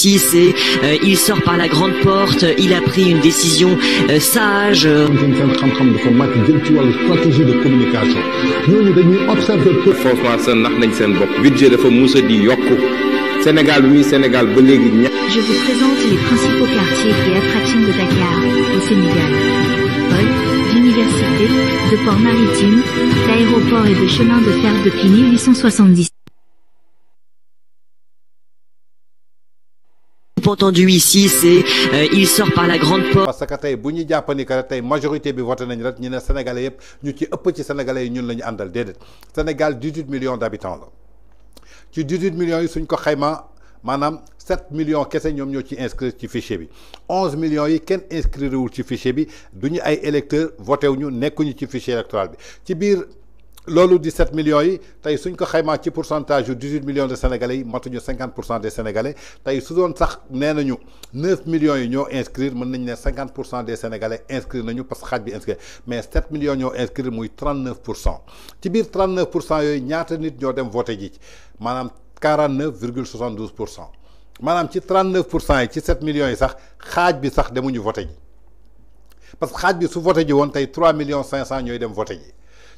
justice et euh, il sort par la grande porte, il a pris une décision euh, sage. dañuy observer nañ budget dafa di Sénégal Sénégal ba Je vous présente les principaux quartiers et attractions de Dakar au Sénégal. Paul, l'université, de port maritime, l'aéroport et de chemin de fer depuis 1870. entendu ici, c'est euh, il sort par la grande porte. parce que tey bu ñu jàpp que majorité bi voté nañ rek ñu ne sénégalais yëpp ñu ci ëpp ci sénégalais yi ñun la ñu àndal Sénégal 18 millions d'habitants tu ci 18 millions yi suñ ko xayma 7 millions kese ñoom ñoo ci inscrire ci fichier bi 11 millions yi kenn inscrit wul ci fichier bi du ñu ay électeurs voté wu ñu ci fichier électoral bi ci loolu 17 millions yi tey suñ ko xaymaa ci pourcentage yu 18 millions de sénégalais yi matuñu 50 des sénégalais tey su doon sax nee nañu 9 millions yi ñoo inscrire mën nañ ne 50 des sénégalais inscrire nañu parce que xaaj mais 7 millions ñoo inscrire muy 39 ci biir 39 pour cent yooyu ñaata nit ñoo dem voté ji maanaam 49,72% ci 39 ci 7 millions yi sax xaaj bi sax demuñu voté ji parce que xaaj bi su voté ji woon tey 3 millions 500 ñooy dem voter. ji.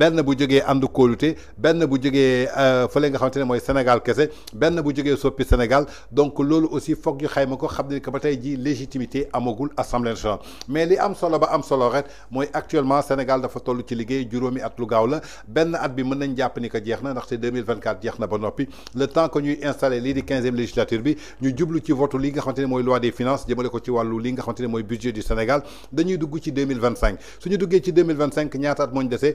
benn bu jógee ànd kóolute benn bu jógee euh, fële nga xamante ne mooy Sénégal kese benn bu jógee soppi Sénégal donc loolu aussi foog ñu xayma ko xam ne que ba tey jii légitimité amagul assemblée nationale mais li am solo ba am solo rek mooy actuellement Sénégal dafa toll ci liggéey juróomi at lu gaaw la benn at bi mën nañ jàpp ni que jeex na ndaxte 2024 jeex na ba noppi le temps que ñuy installé lii di 15e législature bi ñu jublu ci vote li nga xamante ne mooy loi des finances jëmale ko ci wàllu li nga xamante ne mooy budget du Sénégal dañuy dugg ci 2025 su ñu duggee ci 2025 ñaata at moo ñu dese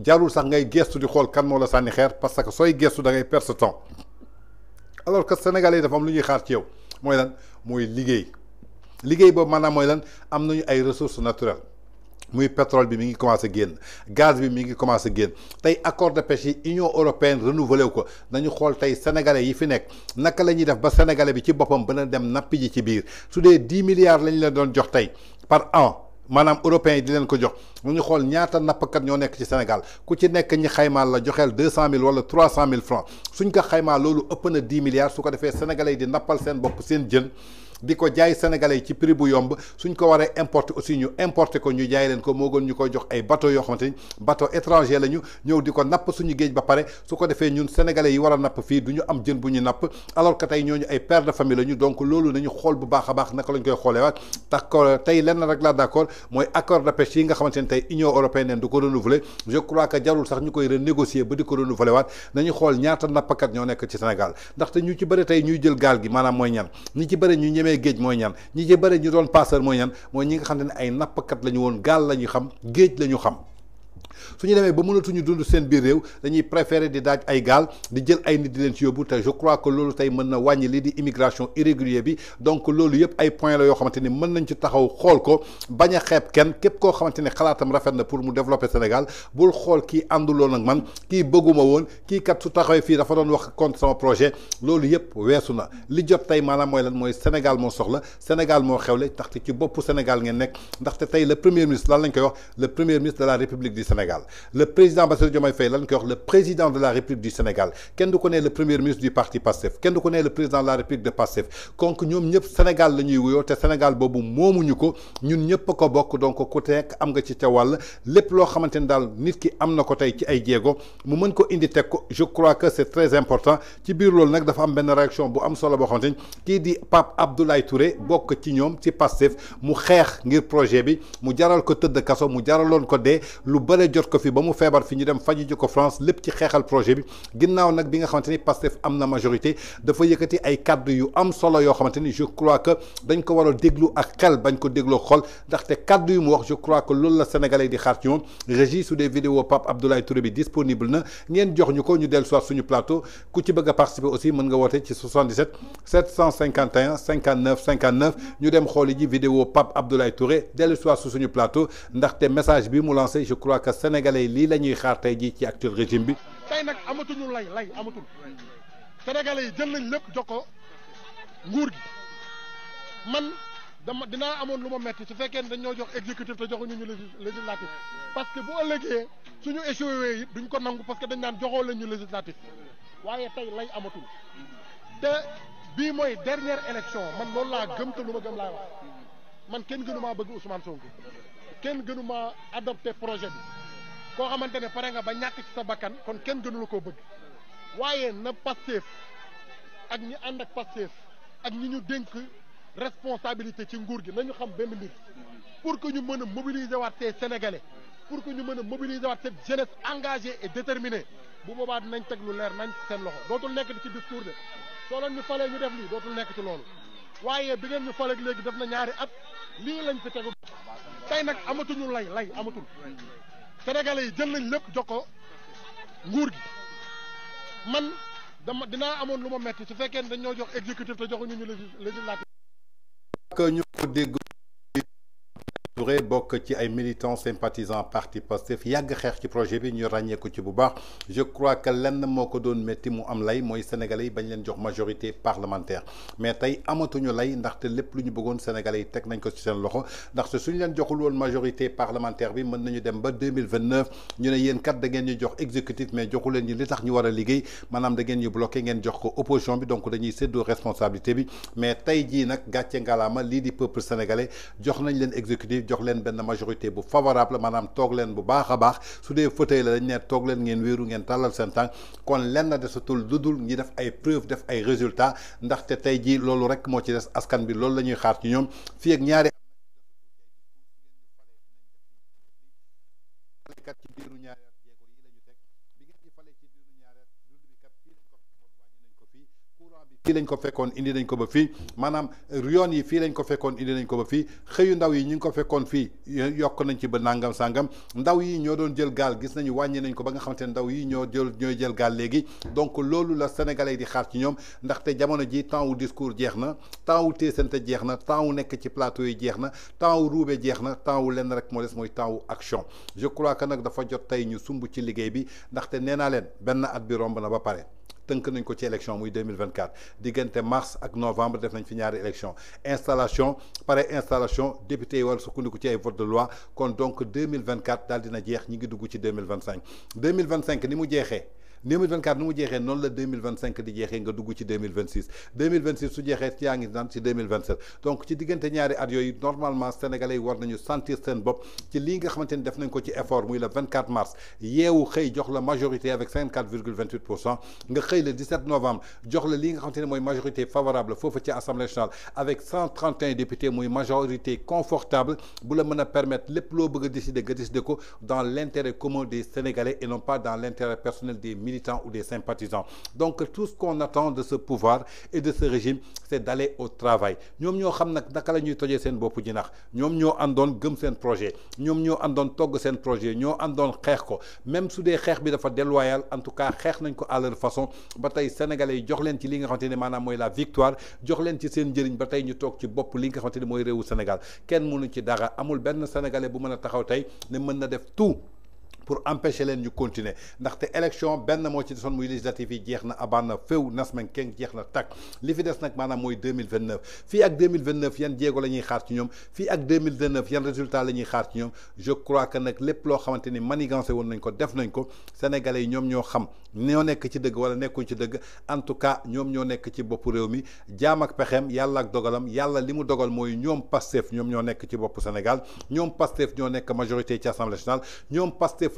jarul sax ngay gestu di xol kan mo la sanni xeer parce que soy gestu da ngay perdre temps alors que sénégalais dafa am lu ñuy xaar ci yow mooy lan mooy liggéey liggéey boobu maanaam mooy lan am nañu ay ressources naturelles muy pétrole bi mi ngi commencé génn gaz bi mi ngi commencé génn tey accord de pêche yi union européenne renouvelé ko nañu xool tey sénégalais yi fi nekk naka la ñuy def ba sénégalais bi ci boppam bana dem nappi ji ci biir su dee dix milliards lañ la doon jox tey par an. maanaam européens yi di leen ko jox mu ñu xool ñaata nappkat ñoo nekk ci Sénégal ku ci nekk ñi xaymaal la joxeel deux cent mille wala trois cent mille francs suñ ko xaymaa loolu ëpp na dix milliards su ko defee sénégalais yi di nappal seen bopp seen jën diko ko jaay sénégalais ci prix bu yomb suñ ko waree importer aussi ñu importer ko ñu jaay leen ko moo gën ñu koy jox ay bateau yo xamanteni ni bateau étranger lañu ñew diko nap suñu géej ba paré su ko défé ñun sénégalais yi wara nap fi duñu am jën buñu nap alors que tay ñoñu ay père de famille lañu donc lolu nañu xol bu baaxa baax naka lañ koy xolé wat tax tay lenn rek la d'accord moy accord de pêche yi nga xamanteni tay union européenne neen du ko renouveler je crois que jarul sax ñukoy koy renégocier ba di ko renouveler wat nañu xol ñaata nap kat ñoo nekk ci Sénégal ndax ndaxte ñu ci bëri tay ñuy jël gal gi manam moy ñan ñi ci bëri ñu demee géej mooy ñan ñi ci bëri ñu doon passeur mooy ñan mooy ñi nga xam ne ay nappkat la ñu woon gaal la ñu xam géej la ñu xam suñu démé ba ba mënatuñu dund seen biir réew dañuy préférer di daaj ay gaal di jël ay nit di leen ci yóbbu te je crois que loolu tey mën na wàññi lii di immigration irrégulier bi donc loolu yëpp ay point la yoo xamante ni mën nañ ci taxaw xool ko bañ a xeeb kenn képp koo xamante ni xalaatam rafet na pour mu développer Sénégal bul xool kii anduloon ak man kii bëgguma woon kii kat su taxawee fii dafa doon wax contre sama projet loolu yëpp weesu na li jot tey maanaam mooy lan mooy Sénégal moo soxla Sénégal moo xewle ndaxte ci boppu Sénégal ngeen nekk ndaxte tey le premier ministre lan lañ koy wax le premier ministre de la République du Sénégal le président Bassir le président de la République du Sénégal Qui nous connaît le premier ministre du parti passif Qui nous connaît le président de la République de Pastef nous sommes le Sénégal Sénégal donc je crois que c'est très important ci biir le dafa am réaction bu am solo Pape Abdoulaye Touré bokk ci ñoom ci Pastef mu xeex ngir projet bi mu jaral ko mu ko que ko fi ba mu par fi ñu dem faji ji ko France lepp ci xéxal projet bi ginnaw nak bi nga xamanteni Pastef majorité de majorité dafa yëkëti ay cadre yu am solo yo xamanteni je crois que dañ ko war déglu ak xel bañ ko déglu xol ndaxte cadre yu mu wax je crois que loolu la sénégalais di xaar ci sous régie des vidéos Pape Abdoulaye Touré bi disponible na ngeen jox ñuko ñu del soit suñu plateau ku ci bëgg participer aussi mën nga ci 77 751 59 59 ñu dem xol ji vidéo Pape Abdoulaye Touré del soir sous suñu plateau ndaxte message bi mu lancé je crois que sénégalais yi lii la xaar tey jii ci actuel régime bi. tey nag amatuñu lay lay amatul sénégalais yi jël nañ lépp jox ko nguur gi man dama dinaa amoon lu ma metti su fekkee ne dañ ñoo jox exécutif te joxuñu ñu législatif parce que bu ëllëgee su ñu yi duñ ko nangu parce que dañ naan joxoo leen ñu législatif waaye tey lay amatul te bii mooy dernière élection man loolu laa gëm te lu ma gëm laa wax man kenn gënu maa bëgg Ousmane Sonko kenn gënu maa adopté projet bi. koo xamante ne pare nga ba ñàkk ci sa bakkan kon kenn gënu la koo bëgg waaye na Pastef ak ñi ànd ak Pastef ak ñi ñu dénk responsabilité ci nguur gi nañu xam benn mbir pour que ñu mën a mobiliser waat ces pour que ñu mën a mobiliser waat cette jeunesse engagée et déterminée bu boobaat nañ teg lu leer nañ seen loxo dootul nekk ci discours de soo leen ñu falee ñu def lii dootul nekk ci loolu waaye bi ngeen ñu faleeg léegi def na ñaari at lii lañ fi tegu tey nag amatuñu lay lay amatul sénégalais yi jël nañ lépp jox ko nguur gi man dama dinaa amoon lu ma metti su fekkee ne dañ ñoo jox exécutif te joxuñu ñu législatif. ñu ko dégg. Touré bokk ci ay militants sympathisants parti Pastef yàgg xeex ci projet bi ñu ràññee ko ci bu baax je crois que lenn moo ko doon métti mu am lay mooy sénégalais yi bañ leen jox majorité parlementaire mais tey amatuñu lay ndaxte lépp lu ñu bëggoon sénégalais yi teg nañ ko ci seen loxo ndaxte suñu leen joxul woon majorité parlementaire bi mën nañu dem ba 2029 ñu ne yéen kat da ngeen ñu jox exécutif mais joxu leen ñu li tax ñu war a liggéey maanaam da ngeen ñu bloqué ngeen jox ko opposition bi donc dañuy séddoo responsabilité bi mais tey jii nag gàcce ngalaama lii di peuple sénégalais jox nañ leen exécutif jox leen benn majorité bu favorable maanaam toog leen bu baax a baax su dee fauteuil la dañ ne toog leen ngeen wéeru ngeen tàllal seen tànk kon lenn desatul lu dul ñi def ay preuve def ay résultats ndaxte tey jii loolu rek moo ci des askan bi loolu la ñuy xaar ci ñoom fii ak ñaari. les lañ ko fekkoon indi nañ ko ba fii maanaam eh, rion yi fii lañ ko fekkoon indi nañ ko ba fii ndaw yi ngi ko nañ ci ba ndaw yi doon jël gis nañu nañ ko ba nga ndaw yi donc loolu la sénégalais di xaar ci ñoom ndaxte jamono ji temps discours jeex na temps wu téesante jeex na temps nekk ci plateau yi na temps wu temps action je crois que nag dafa jot tey ñu sumb ci liggéey bi ndaxte benn at romb na ba tant nous ko ci l'élection en 2024 Dès mars ak novembre nous nañ fi l'élection. installation pareil, installation député yi wala sukkandiku ci ay vote de loi kon donc 2024 nous dina jeex ñi ngi 2025 2025 nous mu 2024 nous mu jeexee non la 2025 di jeexee nga dugg ci 2026 2026 su dirons que yangi sommes ci 2027 donc ci diggante ñaari at yoy normalement sénégalais war nañu sentir seen bop ci li nga xamante def nañ ko ci effort muy le 24 mars yeewu xey jox la majorité avec 54,28 nga le 17 novembre jox la li nga moy majorité favorable fofu ci assemblée nationale avec 131 députés muy majorité confortable bu la permettre lepp lo bëgg décider nga décider ko dans l'intérêt commun des sénégalais et non pas dans l'intérêt personnel des militants ou des sympathisants. Donc tout ce qu'on attend de ce pouvoir et de ce régime, c'est d'aller au travail. Ñom ñoo xam nak naka la ñuy tojee seen bopp ji nax ñoom ñoo àndoon gëm seen projet Ñom ñoo àndoon togg seen projet ñoo àndoon xex ko même su des xex bi dafa déloyal en tout cas xex nañ ko à leur façon ba tay sénégalais jox leen ci li nga xamante ne maanaam la victoire jox leen ci seen jëriñ ba tay ñu tok ci bop li nga xamante ne réewu Sénégal kenn mënu ci dara amul ben sénégalais bu mën taxaw tay ne mën def tout pour empêcher leen ñu continuer ndaxte élection benn moo ci desoon muy législatif yi jeex na abaan na féew keng jeex na tàkk li fi des nag maanaam mooy 2029 Fi ak 2029 yan jéego la ñuy xaar ci ñoom fii ak 2029 yan résultat la ñuy xaar ci ñoom je crois que nag lépp loo xamante ni manigancé woon nañ ko def nañ ko sénégalais yi ñoom ñoo xam ñoo nekk ci dëgg wala nekkuñ ci dëgg en tout cas ñoom ñoo nekk ci bopp réew mi jaam ak pexeem yàlla ak dogalam yalla limu dogal mooy ñoom Pastef ñoom ñoo nekk ci bopp Sénégal ñoom Pastef ñoo nekk majorité ci assemblée nationale ñoom Pastef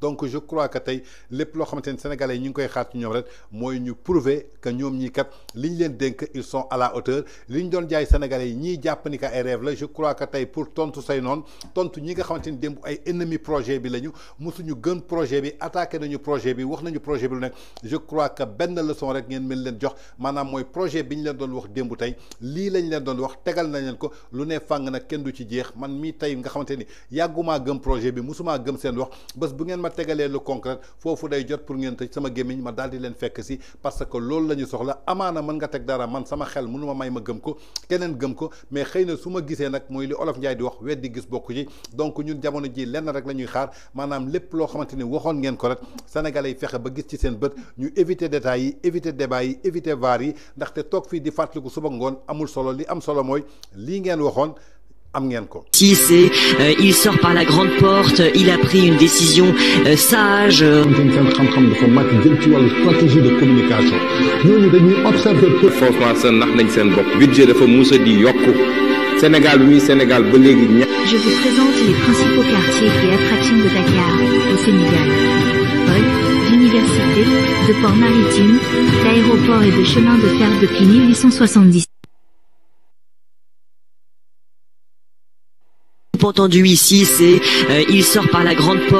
donc je crois que tay lepp lo xamanteni sénégalais yi ñu ngi koy xaar ci ñom rek moy ñu prouver que ñom ñi kat liñ leen denk ils sont à la hauteur liñ doon jaay sénégalais ñi japp ni ka ay rêve la je crois que tay pour tontu say non tontu ñi nga xamanteni dembu ay ennemi projet bi lañu mosuñu gën projet bi attaquer nañu projet bi wax nañu projet bi lu nekk je crois que ben leçon rek ngeen mel leen jox manam moy projet biñ leen doon wax dembu tay li lañ leen doon wax tegal nañ leen ko lu ne fang nak kenn du ci jeex man mi tay nga xamanteni yaguma gëm projet bi musuma gëm seen wax bës bu ngeen tegalee lu concret foofu day jot pour ngeen tëj sama gémmiñ ma daal di leen fekk si parce que loolu la ñu soxla amaana mën nga teg dara man sama xel mënu ma may ma gëm ko keneen gëm ko mais xëy na su ma gisee nag mooy li olof Njaay di wax weddi gis bokku ci donc ñun jamono ji lenn rek la ñuy xaar maanaam lépp loo xamante ni waxoon ngeen ko rek sénégalais yi fexe ba gis ci seen bët ñu éviter détails yi éviter débat yi éviter vaar yi ndaxte toog fii di fàttaliku suba ngoon amul solo li am solo mooy lii ngeen waxoon Euh, il sort par la grande porte euh, il a pris une décision euh, sage. je vous présente les principaux quartiers et attractions de Dakar au Sénégal. Paul, l'université, de port maritime, l'aéroport et de chemin de fer depuis 1870. entendu ici, c'est euh, il sort par la grande porte.